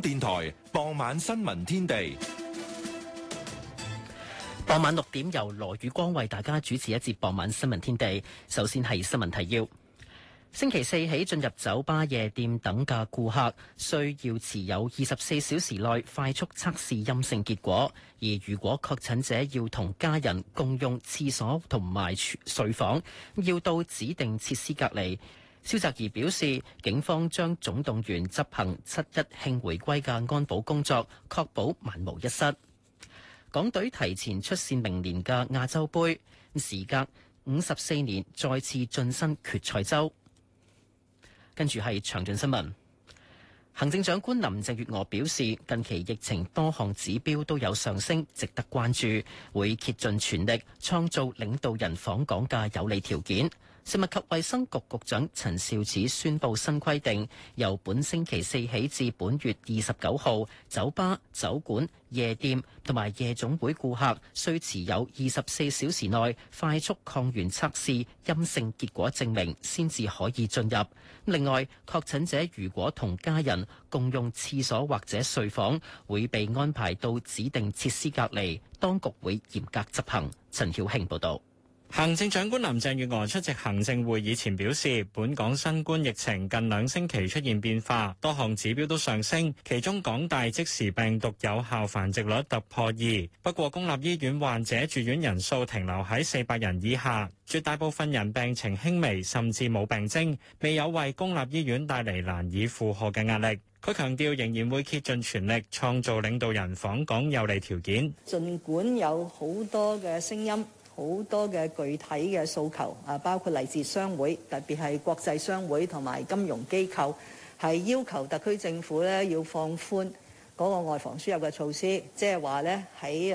電台傍晚新聞天地，傍晚六點由羅宇光為大家主持一節傍晚新聞天地。首先係新聞提要：星期四起，進入酒吧、夜店等嘅顧客需要持有二十四小時內快速測試陰性結果；而如果確診者要同家人共用廁所同埋睡房，要到指定設施隔離。蕭澤頤表示，警方將總動員執行七一慶回歸嘅安保工作，確保萬無一失。港隊提前出線明年嘅亞洲盃，時隔五十四年再次晉身決賽周。跟住係詳盡新聞。行政長官林鄭月娥表示，近期疫情多項指標都有上升，值得關注，會竭盡全力創造領導人訪港嘅有利條件。食物及衛生局局長陳肇始宣布新規定，由本星期四起至本月二十九號，酒吧、酒館、夜店同埋夜總會顧客需持有二十四小時內快速抗原測試陰性結果證明，先至可以進入。另外，確診者如果同家人共用廁所或者睡房，會被安排到指定設施隔離，當局會嚴格執行。陳曉慶報道。行政長官林鄭月娥出席行政會議前表示，本港新冠疫情近兩星期出現變化，多項指標都上升，其中港大即時病毒有效繁殖率突破二。不過，公立醫院患者住院人數停留喺四百人以下，絕大部分人病情輕微，甚至冇病徵，未有為公立醫院帶嚟難以負荷嘅壓力。佢強調，仍然會竭盡全力創造領導人訪港有利條件。儘管有好多嘅聲音，好多嘅具體嘅訴求啊，包括嚟自商會，特別係國際商會同埋金融機構，係要求特區政府咧要放寬嗰個外防輸入嘅措施，即係話咧喺誒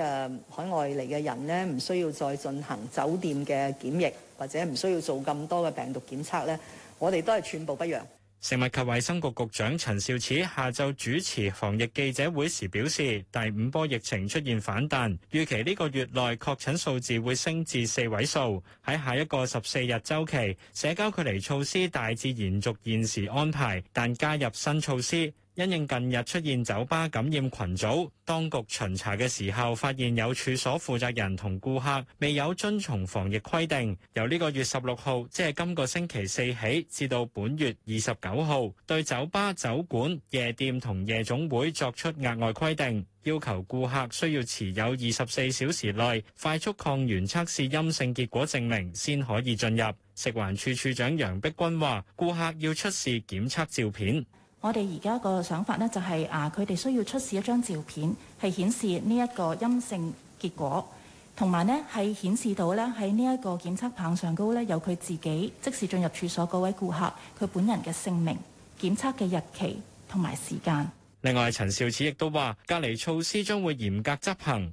海外嚟嘅人咧，唔需要再進行酒店嘅檢疫，或者唔需要做咁多嘅病毒檢測咧，我哋都係寸步不讓。食物及衛生局局長陳肇始下晝主持防疫記者會時表示，第五波疫情出現反彈，預期呢個月內確診數字會升至四位數。喺下一個十四日週期，社交距離措施大致延續現時安排，但加入新措施。因應近日出現酒吧感染群組，當局巡查嘅時候發現有處所負責人同顧客未有遵從防疫規定，由呢個月十六號，即係今個星期四起，至到本月二十九號，對酒吧、酒館、夜店同夜總會作出額外規定，要求顧客需要持有二十四小時內快速抗原測試陰性結果證明先可以進入。食環署署長楊碧君話：顧客要出示檢測照片。我哋而家個想法呢，就係，就係啊，佢哋需要出示一張照片，係顯示呢一個陰性結果，同埋呢係顯示到咧喺呢一個檢測棒上高呢，有佢自己即時進入處所嗰位顧客佢本人嘅姓名、檢測嘅日期同埋時間。另外，陳肇始亦都話，隔離措施將會嚴格執行。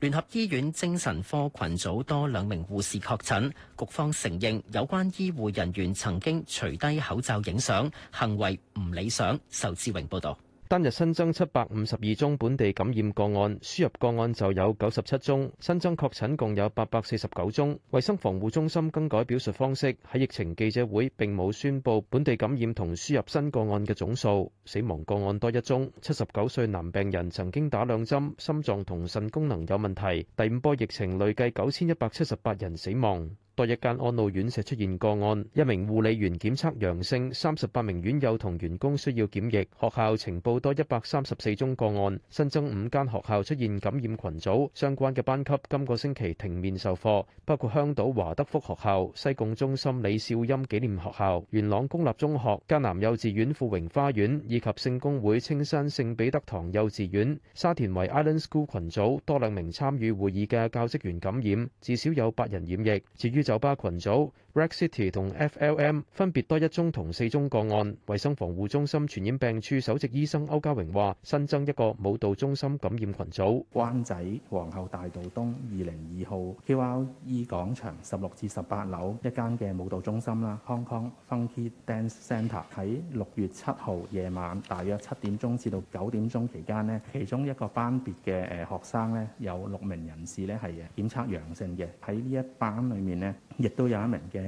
聯合醫院精神科群組多兩名護士確診，局方承認有關醫護人員曾經除低口罩影相，行為唔理想。仇志榮報導。單日新增七百五十二宗本地感染個案，輸入個案就有九十七宗，新增確診共有八百四十九宗。衛生防護中心更改表述方式，喺疫情記者會並冇宣佈本地感染同輸入新個案嘅總數。死亡個案多一宗，七十九歲男病人曾經打兩針，心臟同腎功能有問題。第五波疫情累計九千一百七十八人死亡。多一間安老院舍出現個案，一名護理員檢測陽性，三十八名院友同員工需要檢疫。學校呈報多一百三十四宗個案，新增五間學校出現感染群組，相關嘅班級今個星期停面授課，包括香島華德福學校、西貢中心李少欽紀念學校、元朗公立中學、迦南幼稚園富榮花園以及聖公會青山聖彼得堂幼稚園。沙田圍 Island School 群組多兩名參與會議嘅教職員感染，至少有八人染疫。至於，酒吧羣組。Rex City 同 FLM 分別多一宗同四宗個案。衞生防護中心傳染病處首席醫生歐家榮話：新增一個舞蹈中心感染群組，灣仔皇后大道東二零二號 QRE 廣場十六至十八樓一間嘅舞蹈中心啦，Hong Kong Funky Dance Centre 喺六月七號夜晚大約七點鐘至到九點鐘期間呢，其中一個班別嘅誒學生咧有六名人士咧係檢測陽性嘅，喺呢一班裡面咧。亦都有一名嘅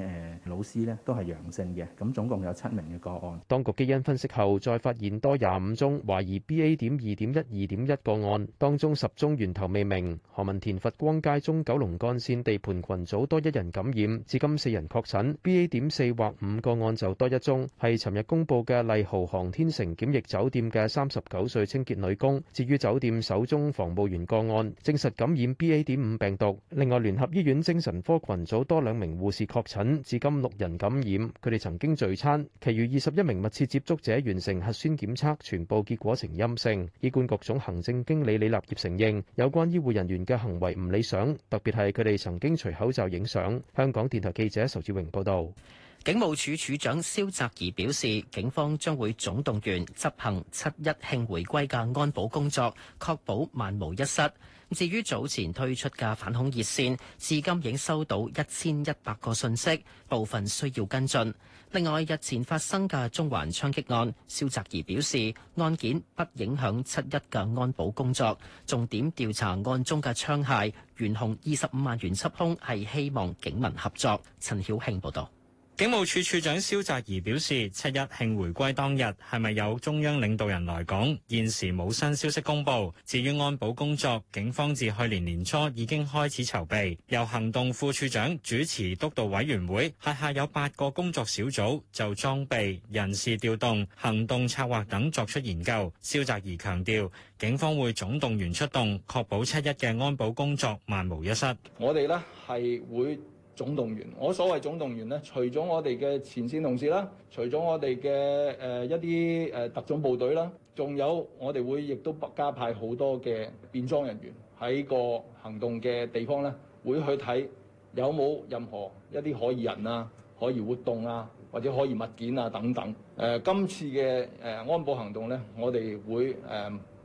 誒老師呢都係陽性嘅。咁總共有七名嘅個案。當局基因分析後再發現多廿五宗懷疑 BA. 點二點一、二點一個案，當中十宗源頭未明。何文田佛光街中九龍幹線地盤群組多一人感染，至今四人確診。BA. 點四或五個案就多一宗，係尋日公布嘅麗豪航天城檢疫酒店嘅三十九歲清潔女工。至於酒店首宗防務員個案，證實感染 BA. 點五病毒。另外，聯合醫院精神科群組多兩。名護士確診，至今六人感染，佢哋曾經聚餐，其餘二十一名密切接觸者完成核酸檢測，全部結果呈陰性。醫管局總行政經理李立業承認，有關醫護人員嘅行為唔理想，特別係佢哋曾經除口罩影相。香港電台記者仇志榮報道。警務處處長蕭澤頤表示，警方將會總動員執行七一慶回歸嘅安保工作，確保萬無一失。至於早前推出嘅反恐熱線，至今已經收到一千一百個訊息，部分需要跟進。另外，日前發生嘅中環槍擊案，蕭澤頤表示，案件不影響七一嘅安保工作，重點調查案中嘅槍械。懸紅二十五萬元緝兇，係希望警民合作。陳曉慶報導。警務處處長蕭澤頤表示，七一慶回歸當日係咪有中央領導人來港？現時冇新消息公布。至於安保工作，警方自去年年初已經開始籌備，由行動副處長主持督導委員會，轄下有八個工作小組就裝備、人事調動、行動策劃等作出研究。蕭澤頤強調，警方會總動員出動，確保七一嘅安保工作萬無一失。我哋呢係會總動員，我所謂總動員咧，除咗我哋嘅前線同事啦，除咗我哋嘅誒一啲誒特種部隊啦，仲有我哋會亦都加派好多嘅便裝人員喺個行動嘅地方咧，會去睇有冇任何一啲可疑人啊、可疑活動啊，或者可疑物件啊等等。誒，今次嘅誒安保行動咧，我哋會誒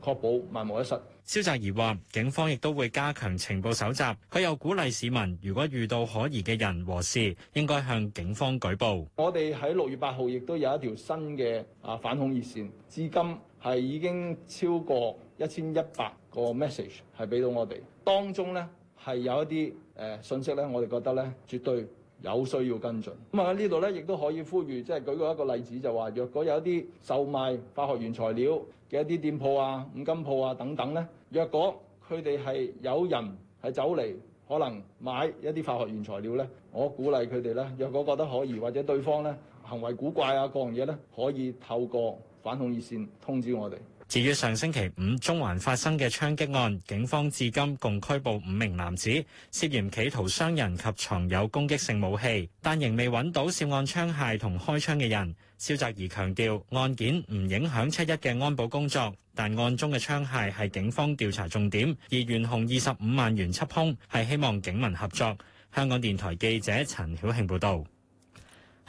確保萬無一失。蕭澤頤話：警方亦都會加強情報搜集。佢又鼓勵市民，如果遇到可疑嘅人和事，應該向警方舉報。我哋喺六月八號亦都有一條新嘅啊反恐熱線，至今係已經超過一千一百個 message 係俾到我哋。當中呢係有一啲誒信息咧，我哋覺得咧絕對有需要跟進。咁啊喺呢度咧，亦都可以呼籲，即係舉過一個例子，就話若果有一啲售賣化學原材料嘅一啲店鋪啊、五金鋪啊等等咧。若果佢哋係有人係走嚟，可能買一啲化學原材料咧，我鼓勵佢哋咧。若果覺得可疑或者對方咧行為古怪啊，各樣嘢咧，可以透過反恐熱線通知我哋。至於上星期五中環發生嘅槍擊案，警方至今共拘捕五名男子，涉嫌企圖傷人及藏有攻擊性武器，但仍未揾到涉案槍械同開槍嘅人。蕭澤頤強調，案件唔影響七一嘅安保工作，但案中嘅槍械係警方調查重點，而懸紅二十五萬元緝兇係希望警民合作。香港電台記者陳曉慶報道。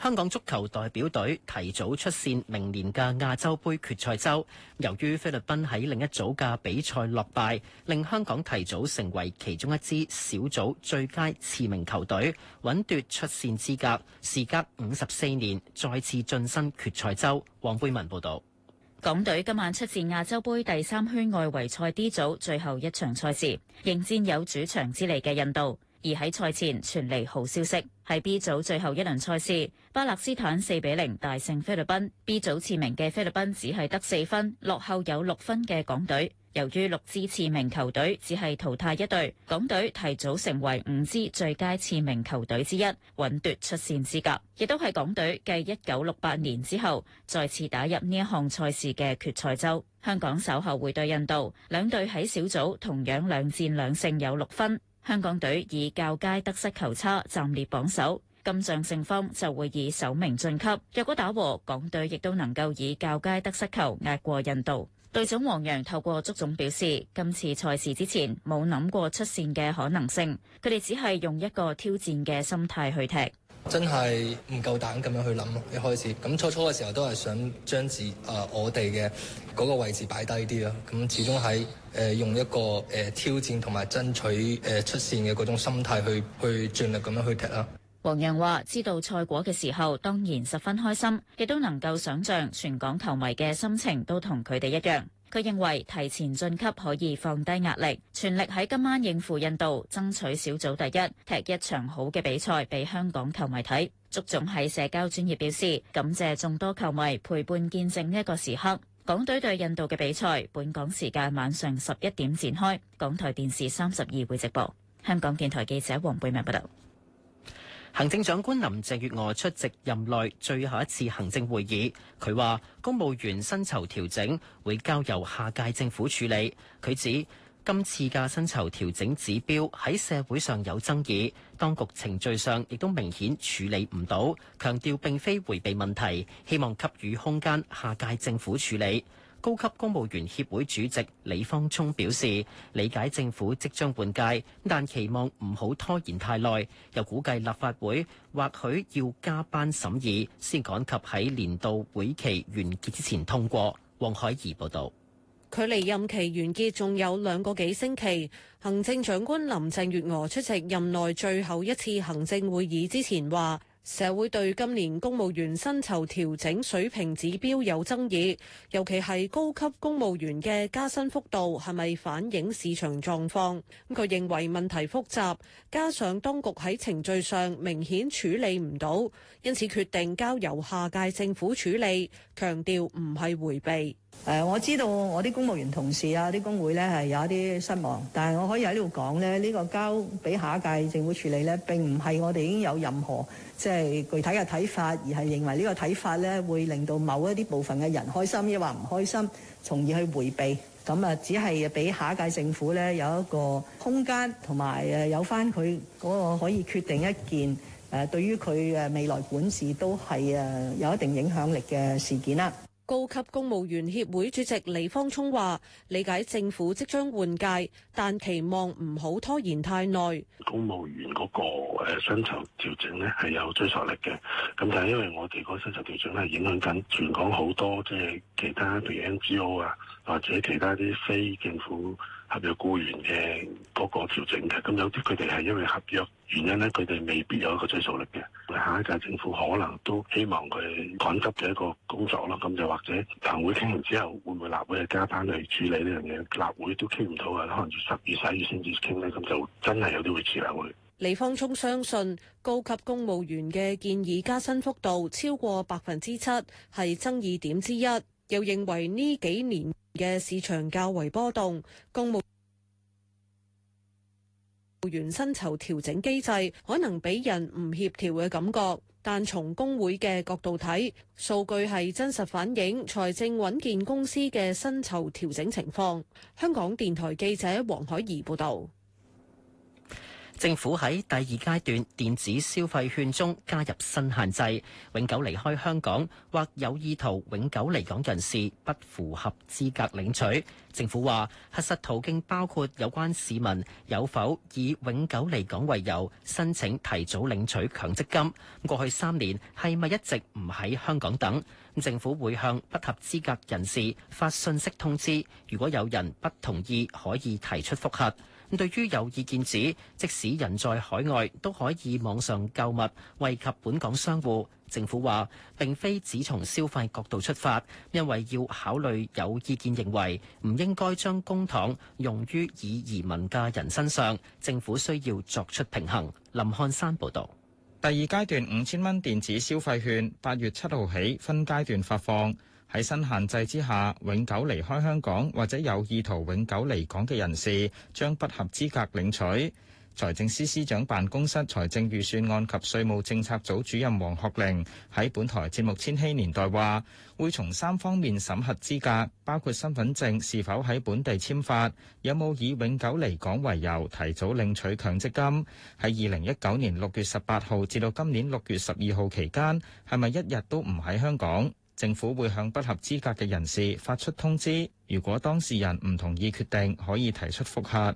香港足球代表隊提早出線明年嘅亞洲杯決賽周，由於菲律賓喺另一組嘅比賽落敗，令香港提早成為其中一支小組最佳次名球隊，穩奪出線資格，時隔五十四年再次晉身決賽周。黃貝文報道，港隊今晚出戰亞洲杯第三圈外圍賽 D 組最後一場賽事，迎戰有主場之利嘅印度。而喺賽前傳嚟好消息，係 B 組最後一輪賽事，巴勒斯坦四比零大勝菲律賓。B 組次名嘅菲律賓只係得四分，落後有六分嘅港隊。由於六支次名球隊只係淘汰一隊，港隊提早成為五支最佳次名球隊之一，穩奪出線資格，亦都係港隊繼一九六八年之後，再次打入呢一項賽事嘅決賽周。香港稍後會對印度，兩隊喺小組同樣兩戰兩勝，有六分。香港隊以較佳得失球差暫列榜首，今仗勝方就會以首名晉級。若果打和，港隊亦都能夠以較佳得失球壓過印度。隊長黃洋透過足總表示，今次賽事之前冇諗過出線嘅可能性，佢哋只係用一個挑戰嘅心態去踢。真係唔夠膽咁樣去諗一開始。咁初初嘅時候都係想將自誒、呃、我哋嘅嗰個位置擺低啲咯。咁始終喺誒、呃、用一個誒、呃、挑戰同埋爭取誒、呃、出線嘅嗰種心態去去盡力咁樣去踢啦。黃陽話：知道賽果嘅時候，當然十分開心，亦都能夠想像全港球迷嘅心情都同佢哋一樣。佢認為提前晉級可以放低壓力，全力喺今晚應付印度，爭取小組第一，踢一場好嘅比賽俾香港球迷睇。足總喺社交專業表示感謝眾多球迷陪伴見證呢一個時刻。港隊對印度嘅比賽，本港時間晚上十一點展開，港台電視三十二會直播。香港電台記者黃貝明報道。行政長官林鄭月娥出席任內最後一次行政會議，佢話公務員薪酬調整會交由下屆政府處理。佢指今次嘅薪酬調整指標喺社會上有爭議，當局程序上亦都明顯處理唔到，強調並非迴避問題，希望給予空間下屆政府處理。高級公務員協會主席李方聰表示：理解政府即將換屆，但期望唔好拖延太耐。又估計立法會或許要加班審議，先趕及喺年度會期完結之前通過。黃海怡報道。距離任期完結仲有兩個幾星期，行政長官林鄭月娥出席任內最後一次行政會議之前話。社會對今年公務員薪酬調整水平指標有爭議，尤其係高級公務員嘅加薪幅度係咪反映市場狀況？佢認為問題複雜，加上當局喺程序上明顯處理唔到，因此決定交由下屆政府處理，強調唔係迴避。誒，我知道我啲公務員同事啊，啲工會呢係有一啲失望，但係我可以喺呢度講咧，呢、呢個交俾下一屆政府處理呢，並唔係我哋已經有任何。即係具體嘅睇法，而係認為呢個睇法咧會令到某一啲部分嘅人開心，亦或唔開心，從而去迴避。咁啊，只係俾下一屆政府咧有一個空間，同埋誒有翻佢嗰個可以決定一件誒、呃、對於佢誒未來管治都係誒有一定影響力嘅事件啦。高級公務員協會主席李方聰話：理解政府即將換屆，但期望唔好拖延太耐。公務員嗰個誒薪酬調整咧係有追溯力嘅，咁但係因為我哋嗰個薪酬調整咧影響緊全港好多即係其他譬如 NGO 啊或者其他啲非政府。合約僱員嘅嗰個調整嘅，咁有啲佢哋係因為合約原因咧，佢哋未必有一個追溯力嘅。下一屆政府可能都希望佢趕急嘅一個工作咯，咁就或者行會傾完之後會唔會立會去加班去處理呢樣嘢？立會都傾唔到嘅，可能要十二、三月先至傾咧，咁就真係有啲會遲後去。李方聰相信，高級公務員嘅建議加薪幅度超過百分之七係爭議點之一。又認為呢幾年嘅市場較為波動，公務員薪酬調整機制可能俾人唔協調嘅感覺。但從工會嘅角度睇，數據係真實反映財政穩健公司嘅薪酬調整情況。香港電台記者黃海怡報導。政府喺第二階段電子消費券中加入新限制，永久離開香港或有意圖永久離港人士不符合資格領取。政府話，核實途徑包括有關市民有否以永久離港為由申請提早領取強積金。過去三年係咪一直唔喺香港等？政府會向不合資格人士發信息通知，如果有人不同意，可以提出複核。對於有意見指，即使人在海外都可以網上購物，惠及本港商戶，政府話並非只從消費角度出發，因為要考慮有意見認為唔應該將公帑用於已移民嘅人身上，政府需要作出平衡。林漢山報導。第二階段五千蚊電子消費券，八月七號起分階段發放。喺新限制之下，永久離開香港或者有意圖永久離港嘅人士，將不合資格領取。財政司司長辦公室財政預算案及稅務政策組主任黃學玲喺本台節目《千禧年代》話會從三方面審核資格，包括身份證是否喺本地簽發，有冇以永久離港為由提早領取強積金，喺二零一九年六月十八號至到今年六月十二號期間，係咪一日都唔喺香港。政府會向不合資格嘅人士發出通知，如果當事人唔同意決定，可以提出複核。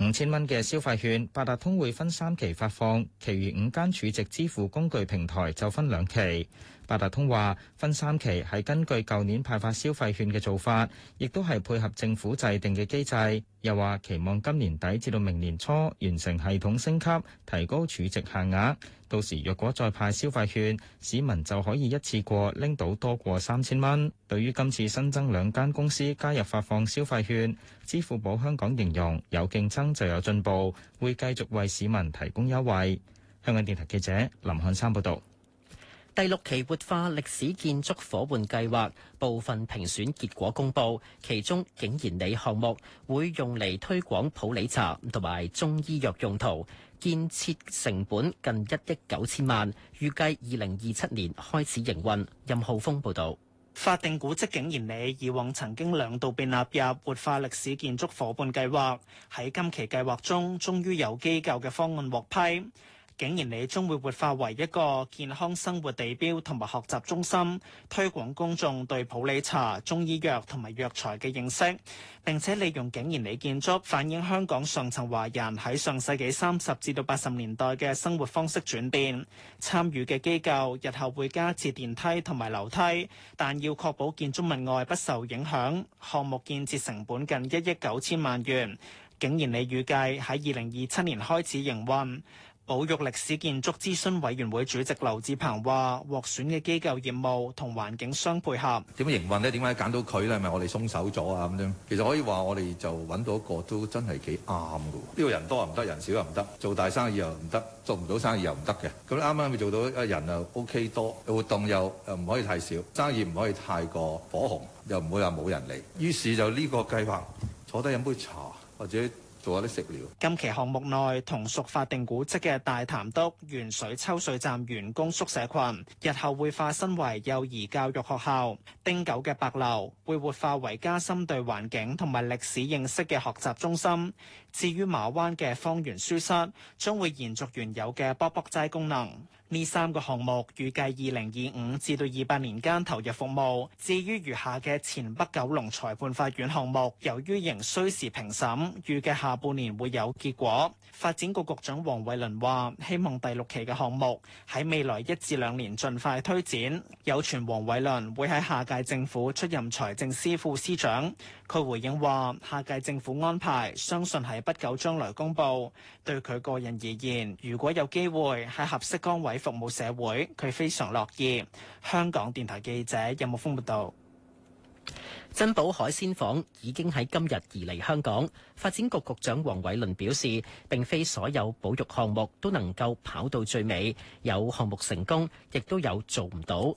五千蚊嘅消費券，八達通會分三期發放，其餘五間儲值支付工具平台就分兩期。八達通話分三期係根據舊年派發消費券嘅做法，亦都係配合政府制定嘅機制。又話期望今年底至到明年初完成系統升級，提高儲值限額。到時若果再派消費券，市民就可以一次過拎到多過三千蚊。對於今次新增兩間公司加入發放消費券，支付寶香港形容有競爭就有進步，會繼續為市民提供優惠。香港電台記者林漢山報導。第六期活化歷史建築伙伴計劃部分評選結果公佈，其中景賢里項目會用嚟推廣普洱茶同埋中醫藥用途，建設成本近一億九千萬，預計二零二七年開始營運。任浩峰報導。法定古蹟景賢里以往曾經兩度被納入活化歷史建築伙伴計劃，喺今期計劃中，終於有機構嘅方案獲批。景賢里將會活化為一個健康生活地標、同埋學習中心，推廣公眾對普洱茶、中醫藥同埋藥材嘅認識，並且利用景賢里建築反映香港上層華人喺上世紀三十至到八十年代嘅生活方式轉變。參與嘅機構日後會加設電梯同埋樓梯，但要確保建築物外不受影響。項目建設成本近一億九千萬元，景賢里預計喺二零二七年開始營運。保育歷史建築諮詢委員會主席劉智鵬話：獲選嘅機構業務同環境相配合。點樣營運咧？點解揀到佢咧？係咪我哋鬆手咗啊？咁樣其實可以話我哋就揾到一個都真係幾啱嘅。呢個人多又唔得，人少又唔得，做大生意又唔得，做唔到生意又唔得嘅。咁啱啱咪做到啊！人又 OK 多，活動又又唔可以太少，生意唔可以太過火紅，又唔會話冇人嚟。於是就呢個計劃，坐低飲杯茶或者。做啲食，今期項目內同屬法定古蹟嘅大潭篤原水抽水站員工宿舍群，日後會化身為幼兒教育學校；汀九嘅白樓會活化為加深對環境同埋歷史認識嘅學習中心。至於馬灣嘅方圓書室，將會延續原有嘅卜卜齋功能。呢三個項目預計二零二五至到二八年間投入服務。至於餘下嘅前北九龍裁判法院項目，由於仍需時評審，預計下半年會有結果。發展局局長黃偉綸話：希望第六期嘅項目喺未來一至兩年盡快推展。有傳黃偉綸會喺下屆政府出任財政司副司長。佢回應話：下屆政府安排，相信係不久將來公佈。對佢個人而言，如果有機會喺合適崗位服務社會，佢非常樂意。香港電台記者任木豐報道，珍寶海鮮舫已經喺今日移離香港。發展局局長黃偉綸表示：並非所有保育項目都能夠跑到最尾，有項目成功，亦都有做唔到。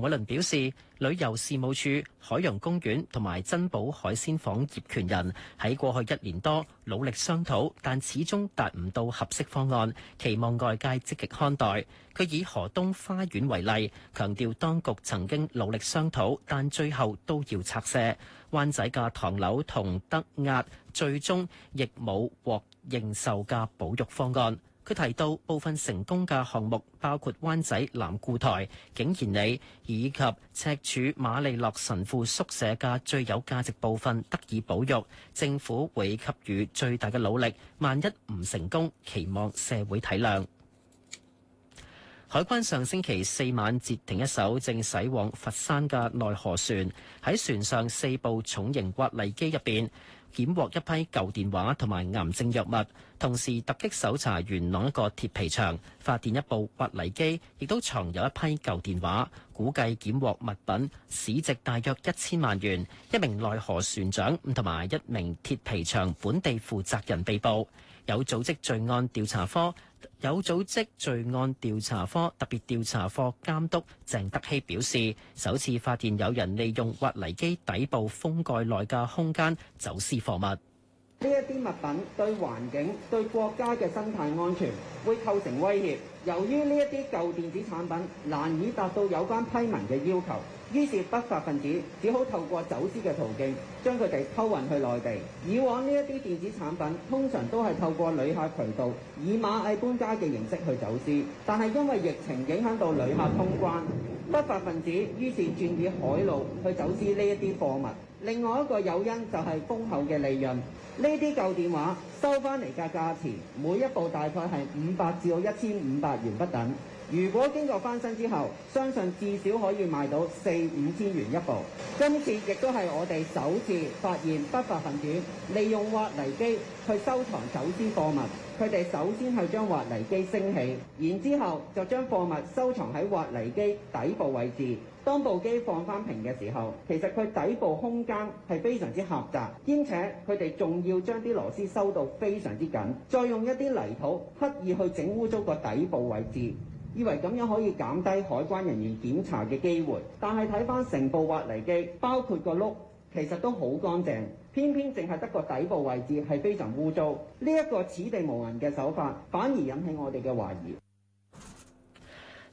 黃偉綸表示，旅遊事務處、海洋公園同埋珍寶海鮮舫業權人喺過去一年多努力商討，但始終達唔到合適方案，期望外界積極看待。佢以河東花園為例，強調當局曾經努力商討，但最後都要拆卸。灣仔嘅唐樓同德押，最終亦冇獲認受嘅保育方案。佢提到部分成功嘅項目包括灣仔南固台、景賢里以及赤柱馬利諾神父宿舍嘅最有價值部分得以保育，政府會給予最大嘅努力。萬一唔成功，期望社會體諒。海關上星期四晚截停一艘正駛往佛山嘅內河船，喺船上四部重型挖泥機入面。檢獲一批舊電話同埋癌症藥物，同時突擊搜查元朗一個鐵皮牆，發現一部挖泥機，亦都藏有一批舊電話，估計檢獲物品市值大約一千萬元。一名內河船長同埋一名鐵皮牆本地負責人被捕，有組織罪案調查科。有組織罪案調查科特別調查課監督鄭德希表示，首次發現有人利用挖泥機底部封蓋內嘅空間走私貨物。呢一啲物品對環境、對國家嘅生態安全會構成威脅。由於呢一啲舊電子產品難以達到有關批文嘅要求。於是不法分子只好透過走私嘅途徑，將佢哋偷運去內地。以往呢一啲電子產品通常都係透過旅客渠道，以螞蟻搬家嘅形式去走私。但係因為疫情影響到旅客通關，不法分子於是轉移海路去走私呢一啲貨物。另外一個誘因就係豐厚嘅利潤。呢啲舊電話收翻嚟嘅價錢，每一部大概係五百至一千五百元不等。如果經過翻新之後，相信至少可以賣到四五千元一部。今次亦都係我哋首次發現不法分子利用挖泥機去收藏走私貨物。佢哋首先係將挖泥機升起，然之後就將貨物收藏喺挖泥機底部位置。當部機放翻平嘅時候，其實佢底部空間係非常之狹窄，兼且佢哋仲要將啲螺絲收到非常之緊，再用一啲泥土刻意去整污糟個底部位置。以為咁樣可以減低海關人員檢查嘅機會，但係睇返成部挖泥機，包括個轆，其實都好乾淨，偏偏淨係得個底部位置係非常污糟。呢一個此地無銀嘅手法，反而引起我哋嘅懷疑。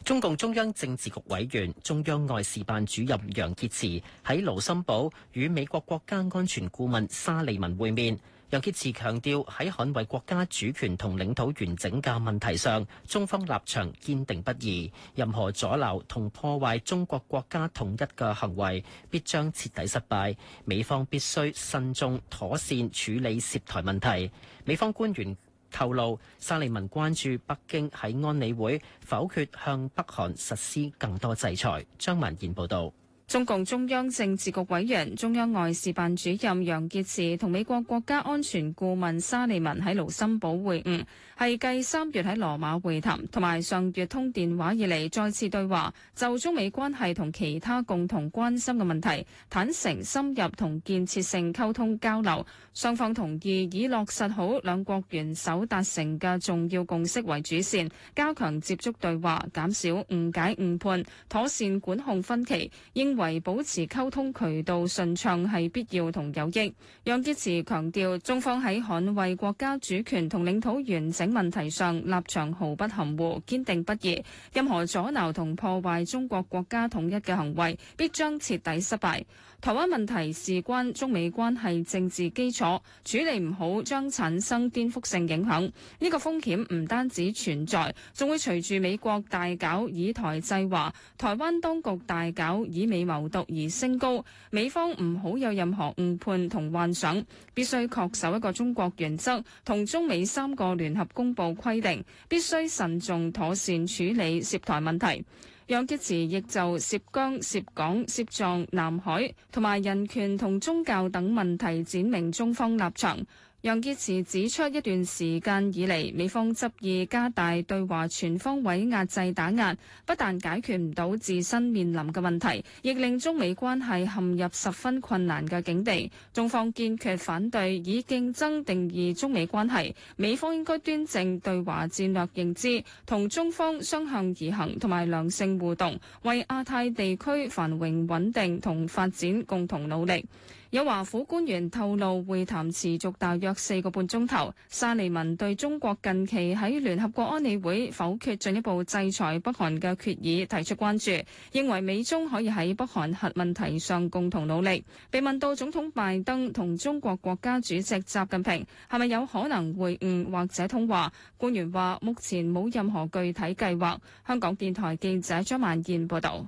中共中央政治局委員、中央外事辦主任楊潔篪喺盧森堡與美國國家安全顧問沙利文會面。楊潔篪強調，喺捍衛國家主權同領土完整嘅問題上，中方立場堅定不移。任何阻撓同破壞中國國家統一嘅行為，必將徹底失敗。美方必須慎重妥善處理涉台問題。美方官員透露，沙利文關注北京喺安理會否決向北韓實施更多制裁。張文賢報導。中共中央政治局委員、中央外事辦主任楊潔篪同美國國家安全顧問沙利文喺盧森堡會晤，係繼三月喺羅馬會談同埋上月通電話以嚟，再次對話，就中美關係同其他共同關心嘅問題坦誠深入同建設性溝通交流。雙方同意以落實好兩國元首達成嘅重要共識為主線，加強接觸對話，減少誤解誤判，妥善管控分歧。應為保持溝通渠道順暢係必要同有益。楊潔篪強調，中方喺捍衛國家主權同領土完整問題上立場毫不含糊、堅定不移。任何阻撓同破壞中國國家統一嘅行為，必將徹底失敗。台灣問題事關中美關係政治基礎，處理唔好將產生顛覆性影響。呢個風險唔單止存在，仲會隨住美國大搞以台制華，台灣當局大搞以美謀獨而升高。美方唔好有任何誤判同幻想，必須恪守一個中國原則同中美三個聯合公佈規定，必須慎重妥善處理涉台問題。楊潔篪亦就涉疆、涉港、涉藏、南海同埋人權同宗教等問題展明中方立場。楊潔篪指出，一段時間以嚟，美方執意加大對華全方位壓制打壓，不但解決唔到自身面臨嘅問題，亦令中美關係陷入十分困難嘅境地。中方堅決反對以競爭定義中美關係，美方應該端正對華戰略認知，同中方相向而行，同埋良性互動，為亞太地區繁榮穩定同發展共同努力。有華府官員透露，會談持續大約四個半鐘頭。沙利文對中國近期喺聯合國安理會否決進一步制裁北韓嘅決議提出關注，認為美中可以喺北韓核問題上共同努力。被問到總統拜登同中國國家主席習近平係咪有可能會晤或者通話，官員話目前冇任何具體計劃。香港電台記者張曼燕報導。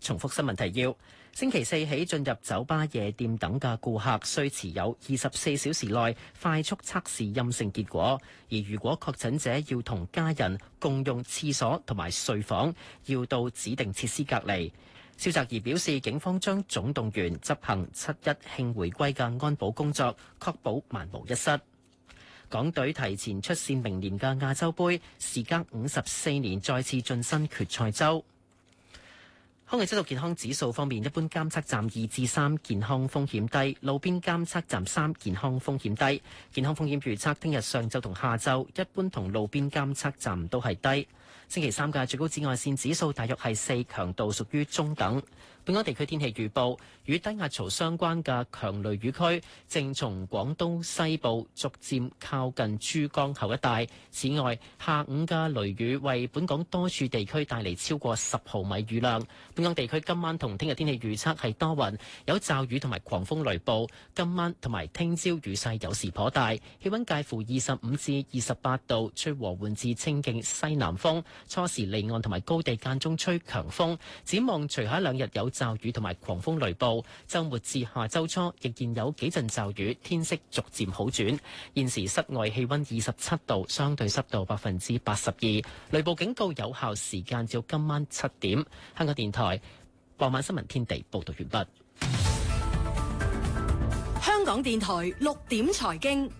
重複新聞提要。星期四起進入酒吧、夜店等嘅顧客，需持有二十四小時內快速測試陰性結果。而如果確診者要同家人共用廁所同埋睡房，要到指定設施隔離。蕭澤頤表示，警方將總動員執行七一慶回歸嘅安保工作，確保萬無一失。港隊提前出線明年嘅亞洲杯，時隔五十四年再次晉身決賽周。空氣質素健康指數方面，一般監測站二至三，健康風險低；路邊監測站三，健康風險低。健康風險預測，聽日上晝同下晝，一般同路邊監測站都係低。星期三嘅最高紫外線指數大約係四，強度屬於中等。本港地區天氣預報，與低壓槽相關嘅強雷雨區正從廣東西部逐漸靠近珠江口一帶，此外，下午嘅雷雨為本港多處地區帶嚟超過十毫米雨量。本港地區今晚同聽日天氣預測係多雲，有驟雨同埋狂風雷暴。今晚同埋聽朝雨勢有時頗大，氣溫介乎二十五至二十八度，吹和緩至清勁西南風，初時離岸同埋高地間中吹強風。展望除下一兩日有驟雨同埋狂風雷暴，周末至下周初仍然有幾陣驟雨，天色逐漸好轉。現時室外氣溫二十七度，相對濕度百分之八十二，雷暴警告有效時間至今晚七點。香港電台傍晚新聞天地報道完畢。香港電台六點財經。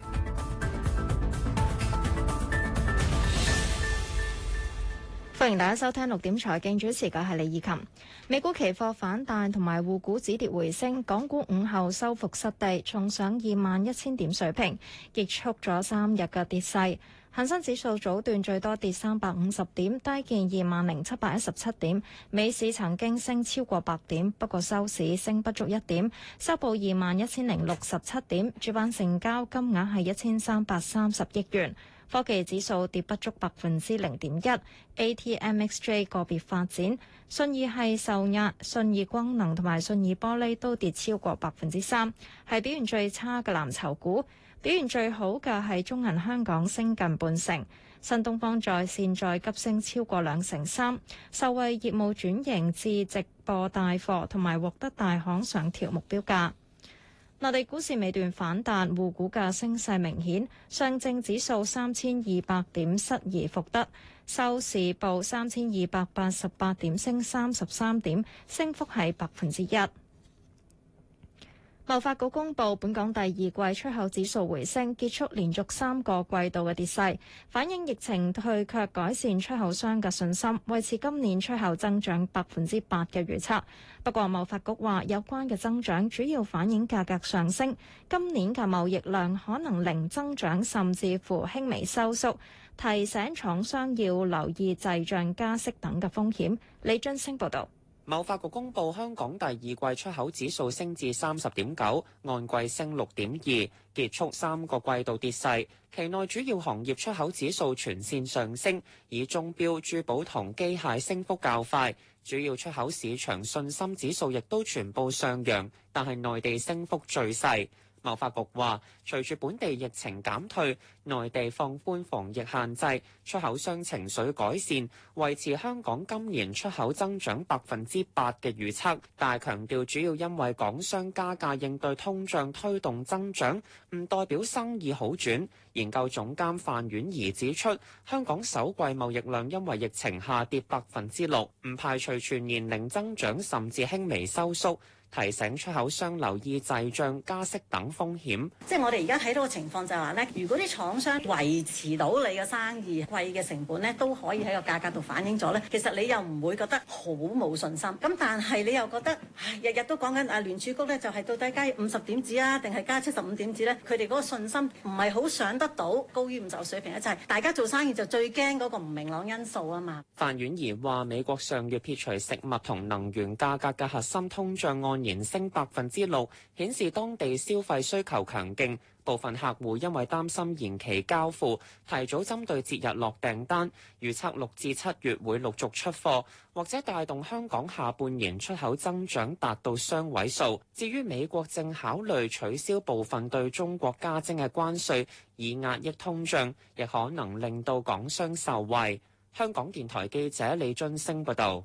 歡迎大家收聽六點財經，主持嘅係李以琴。美股期貨反彈同埋滬股止跌回升，港股午後收復失地，重上二萬一千點水平，結束咗三日嘅跌勢。恒生指數早段最多跌三百五十點，低見二萬零七百一十七點。美市曾經升超過百點，不過收市升不足一點，收報二萬一千零六十七點。主板成交金額係一千三百三十億元。科技指數跌不足百分之零點一，ATMXJ 個別發展，信義係受壓，信義光能同埋信義玻璃都跌超過百分之三，係表現最差嘅藍籌股。表現最好嘅係中銀香港升近半成，新東方在線在急升超過兩成三，受惠業務轉型至直播帶貨同埋獲得大行上調目標價。內地股市尾段反彈，滬股價升勢明顯。上證指數三千二百點失而復得，收市報三千二百八十八點，升三十三點，升幅係百分之一。貿發局公布，本港第二季出口指數回升，結束連續三個季度嘅跌勢，反映疫情退卻改善出口商嘅信心，維持今年出口增長百分之八嘅預測。不過貿發局話，有關嘅增長主要反映價格上升，今年嘅貿易量可能零增長甚至乎輕微收縮，提醒廠商要留意滯脹加息等嘅風險。李俊升報道。貿發局公布香港第二季出口指數升至三十點九，按季升六點二，結束三個季度跌勢。期內主要行業出口指數全線上升，以鐘錶、珠寶同機械升幅較快。主要出口市場信心指數亦都全部上揚，但係內地升幅最細。貿發局話，隨住本地疫情減退，內地放寬防疫限制，出口商情緒改善，維持香港今年出口增長百分之八嘅預測，但係強調主要因為港商加價應對通脹推動增長，唔代表生意好轉。研究總監范婉儀指出，香港首季貿易量因為疫情下跌百分之六，唔排除全年零增長甚至輕微收縮，提醒出口商留意滯脹、加息等風險。即係我哋而家睇到嘅情況就係話呢，如果啲廠維持到你嘅生意，貴嘅成本咧都可以喺個價格度反映咗咧。其實你又唔會覺得好冇信心咁，但係你又覺得日日都講緊啊，聯儲局咧就係、是、到底加五十點子啊，定係加七十五點子咧？佢哋嗰個信心唔係好想得到高於五十水平一齊，就是、大家做生意就最驚嗰個唔明朗因素啊嘛。范婉儀話：美國上月撇除食物同能源價格嘅核心通脹按年升百分之六，顯示當地消費需求強勁。部分客戶因為擔心延期交付，提早針對節日落訂單，預測六至七月會陸續出貨，或者帶動香港下半年出口增長達到雙位數。至於美國正考慮取消部分對中國加徵嘅關稅，以壓抑通脹，亦可能令到港商受惠。香港電台記者李津升報道。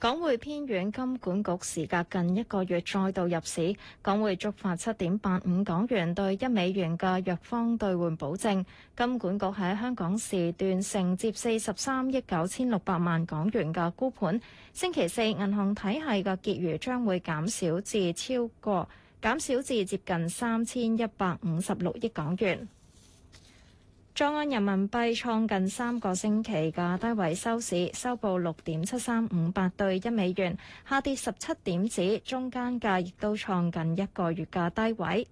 港匯偏軟，金管局時隔近一個月再度入市，港匯觸發七點八五港元兌一美元嘅弱方兌換保證。金管局喺香港時段承接四十三億九千六百萬港元嘅沽盤。星期四銀行體系嘅結餘將會減少至超過減少至接近三千一百五十六億港元。昨按人民幣創近三個星期嘅低位收市，收報六點七三五八對一美元，下跌十七點子。中間價亦都創近一個月嘅低位。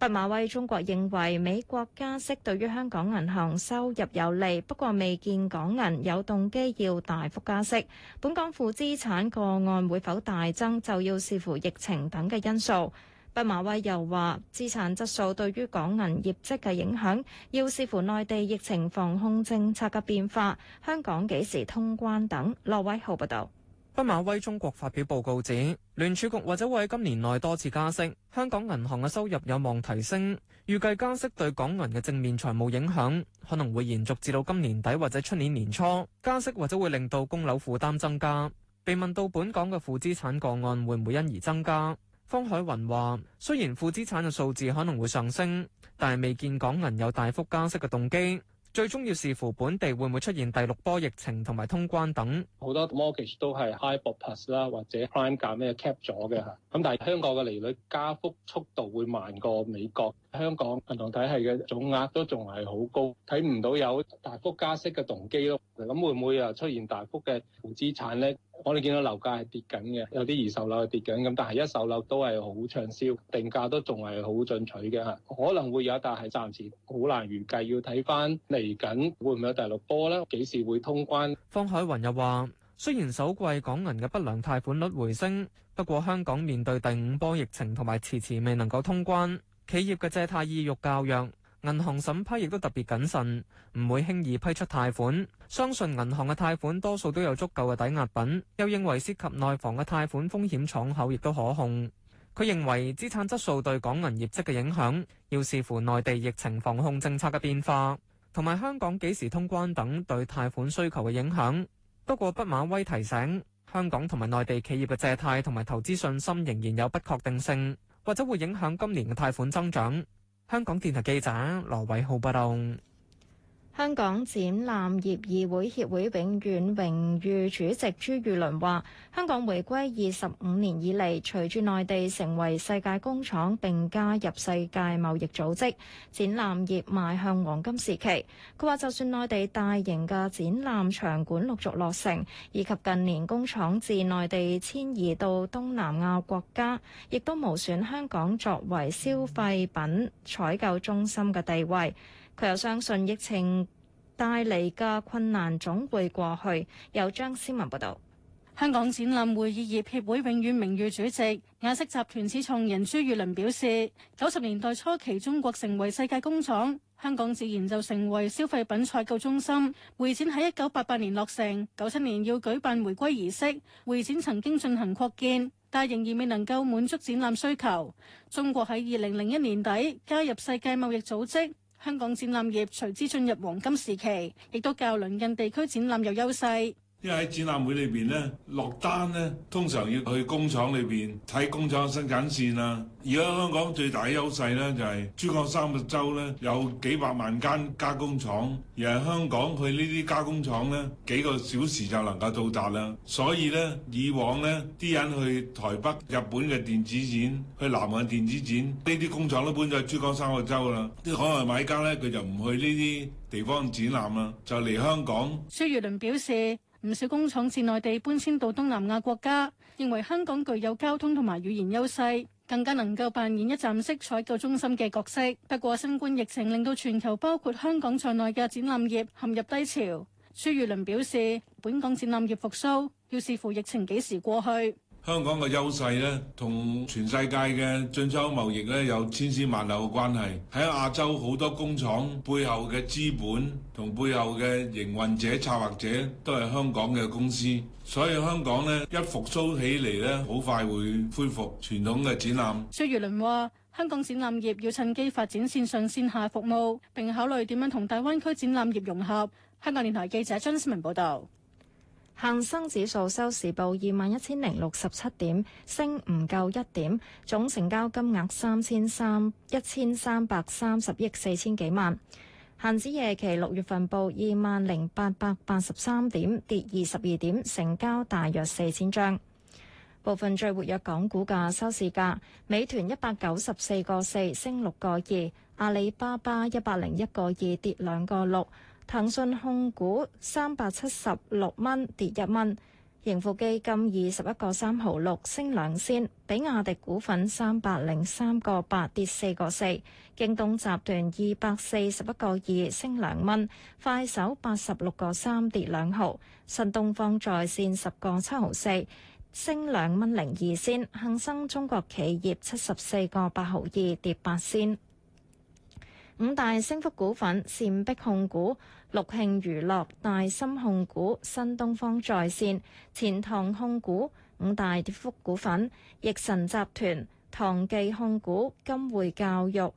畢馬威中國認為美國加息對於香港銀行收入有利，不過未見港銀有動機要大幅加息。本港負資產個案會否大增，就要視乎疫情等嘅因素。畢馬威又話資產質素對於港銀業績嘅影響，要視乎內地疫情防控政策嘅變化、香港幾時通關等。羅威浩報導。畢馬威中國發表報告指，聯儲局或者會喺今年內多次加息，香港銀行嘅收入有望提升。預計加息對港銀嘅正面財務影響可能會延續至到今年底或者出年年初。加息或者會令到供樓負擔增加。被問到本港嘅負資產個案會唔會因而增加？方海云話：雖然負資產嘅數字可能會上升，但係未見港銀有大幅加息嘅動機。最終要視乎本地會唔會出現第六波疫情同埋通關等。好多 mortgage 都係 high plus 啦，或者 prime 價咩 cap 咗嘅。咁但係香港嘅利率加幅速度會慢過美國。香港銀行體系嘅總額都仲係好高，睇唔到有大幅加息嘅動機咯。咁會唔會又出現大幅嘅負資產咧？我哋見到樓價係跌緊嘅，有啲二手樓係跌緊咁，但係一手樓都係好暢銷，定價都仲係好進取嘅。可能會有，但係暫時好難預計，要睇翻嚟緊會唔會有第六波呢？幾時會通關？方海雲又話：雖然首季港銀嘅不良貸款率回升，不過香港面對第五波疫情同埋遲遲未能夠通關，企業嘅借貸意欲較弱。銀行審批亦都特別謹慎，唔會輕易批出貸款。相信銀行嘅貸款多數都有足夠嘅抵押品，又認為涉及內房嘅貸款風險敞口亦都可控。佢認為資產質素對港銀業績嘅影響，要視乎內地疫情防控政策嘅變化，同埋香港幾時通關等對貸款需求嘅影響。不過畢馬威提醒，香港同埋內地企業嘅借貸同埋投資信心仍然有不確定性，或者會影響今年嘅貸款增長。香港電台記者羅偉浩報道。香港展覽業議會協會永遠榮譽主席朱裕倫話：香港回歸二十五年以嚟，隨住內地成為世界工廠並加入世界貿易組織，展覽業邁向黃金時期。佢話：就算內地大型嘅展覽場館陸續落成，以及近年工廠自內地遷移到東南亞國家，亦都無損香港作為消費品採購中心嘅地位。佢又相信疫情帶嚟嘅困難總會過去。由張思文報道，香港展覽會議業協會永遠名譽主席雅式集團始創人朱裕倫表示，九十年代初期，中國成為世界工廠，香港自然就成為消費品採購中心。會展喺一九八八年落成，九七年要舉辦回歸儀式，會展曾經進行擴建，但仍然未能夠滿足展覽需求。中國喺二零零一年底加入世界貿易組織。香港展覽業隨之進入黃金時期，亦都較鄰近地區展覽有優勢。因為喺展覽會裏邊咧落單咧，通常要去工廠裏邊睇工廠生產線啦。而家香港最大嘅優勢咧就係珠江三角洲咧有幾百萬間加工廠，而係香港去呢啲加工廠咧幾個小時就能夠到達啦。所以咧以往咧啲人去台北、日本嘅電子展、去南韓電子展，呢啲工廠都本在珠江三角洲啦。啲海外買家咧佢就唔去呢啲地方展覽啦，就嚟香港。薛月麟表示。唔少工廠自內地搬遷到東南亞國家，認為香港具有交通同埋語言優勢，更加能夠扮演一站式採購中心嘅角色。不過，新冠疫情令到全球包括香港在內嘅展覽業陷入低潮。朱裕倫表示，本港展覽業復甦要視乎疫情幾時過去。香港嘅優勢咧，同全世界嘅進出口貿易咧，有千絲萬縷嘅關係。喺亞洲好多工廠背後嘅資本同背後嘅營運者策劃者都係香港嘅公司，所以香港咧一復蘇起嚟咧好快會恢復傳統嘅展覽。朱裕倫話，香港展覽業要趁機發展綫上綫下服務，並考慮點樣同大灣區展覽業融合。香港電台記者張思明報道。恒生指數收市報二萬一千零六十七點，升唔夠一點，總成交金額三千三一千三百三十億四千幾萬。恒指夜期六月份報二萬零八百八十三點，跌二十二點，成交大約四千張。部分最活躍港股嘅收市價：美團一百九十四個四，升六個二；阿里巴巴一百零一個二，跌兩個六。騰訊控股三百七十六蚊跌一蚊，盈富基金二十一個三毫六升兩仙，比亞迪股份三百零三個八跌四個四，京東集團二百四十一個二升兩蚊，快手八十六個三跌兩毫，新東方在線十個七毫四升兩蚊零二仙，恒生中國企業七十四個八毫二跌八仙。五大升幅股份：善碧控股、六慶娛樂、大森控股、新東方在線、錢塘控股；五大跌幅股份：易神集團、唐記控股、金匯教育、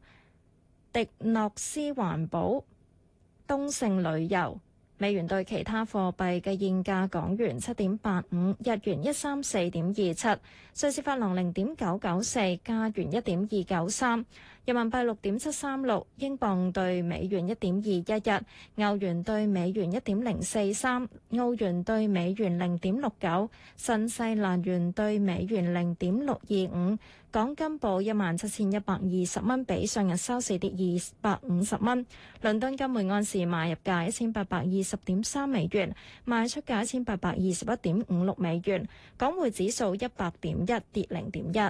迪諾斯環保、東盛旅遊。美元對其他貨幣嘅現價：港元七點八五，日元一三四點二七，瑞士法郎零點九九四，加元一點二九三。人民幣六點七三六，英鎊對美元一點二一一，歐元對美元一點零四三，澳元對美元零點六九，新西蘭元對美元零點六二五。港金報一萬七千一百二十蚊，比上日收市跌二百五十蚊。倫敦金每盎司買入價一千八百二十點三美元，賣出價一千八百二十一點五六美元。港匯指數一百點一，跌零點一。